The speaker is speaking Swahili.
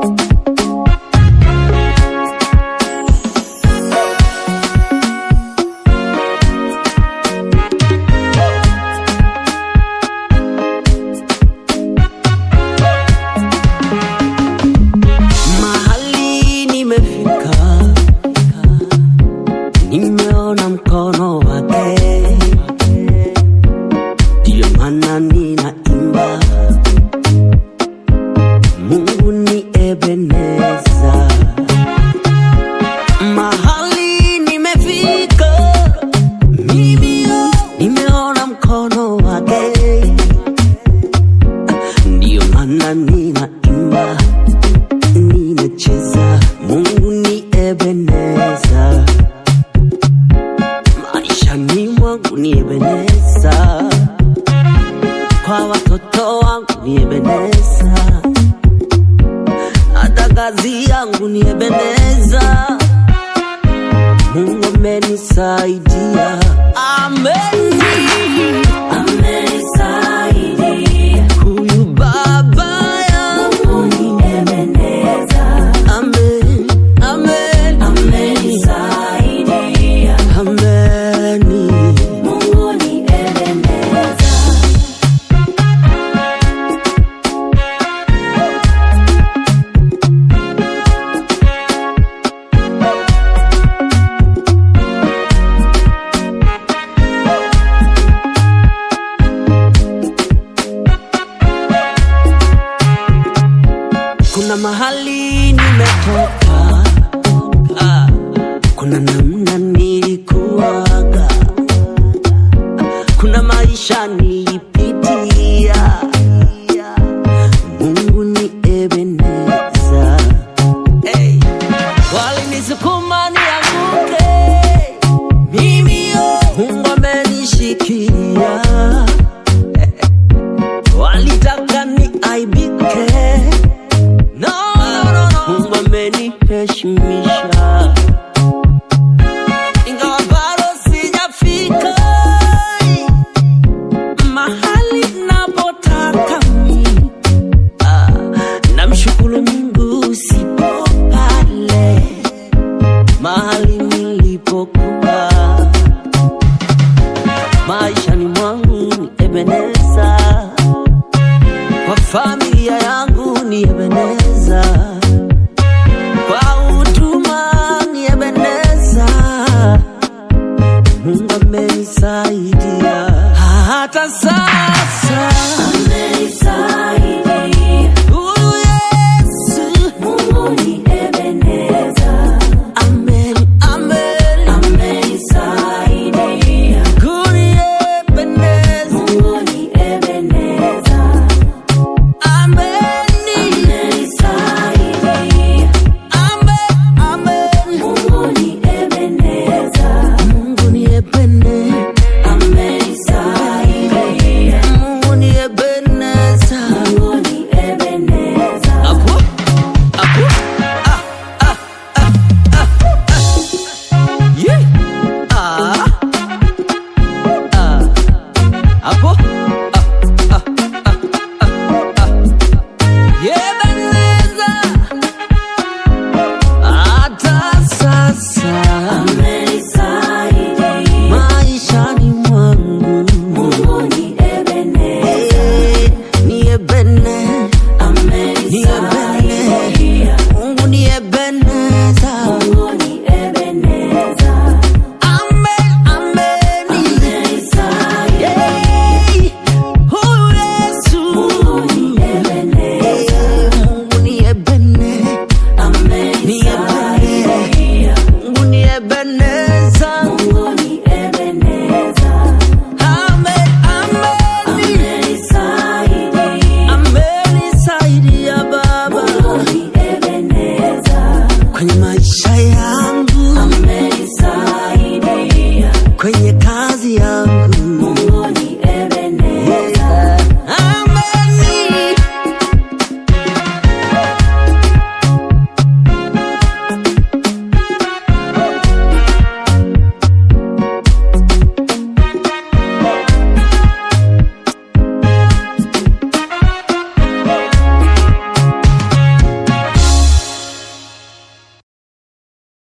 Thank you. niebendeza, hata kazi yangu niebendeza. Mungu amenisaidia, ameni Kuna mahali nimetoka, kuna namna nilikuwaga, kuna maisha nilipitia. Mungu ni Ebeneza, hey. Walinisukuma nianguke, mimi oh, Mungu amenishikilia, walitaka niaibike peshimisha kunisaidia hata sasa. kwenye kazi yangu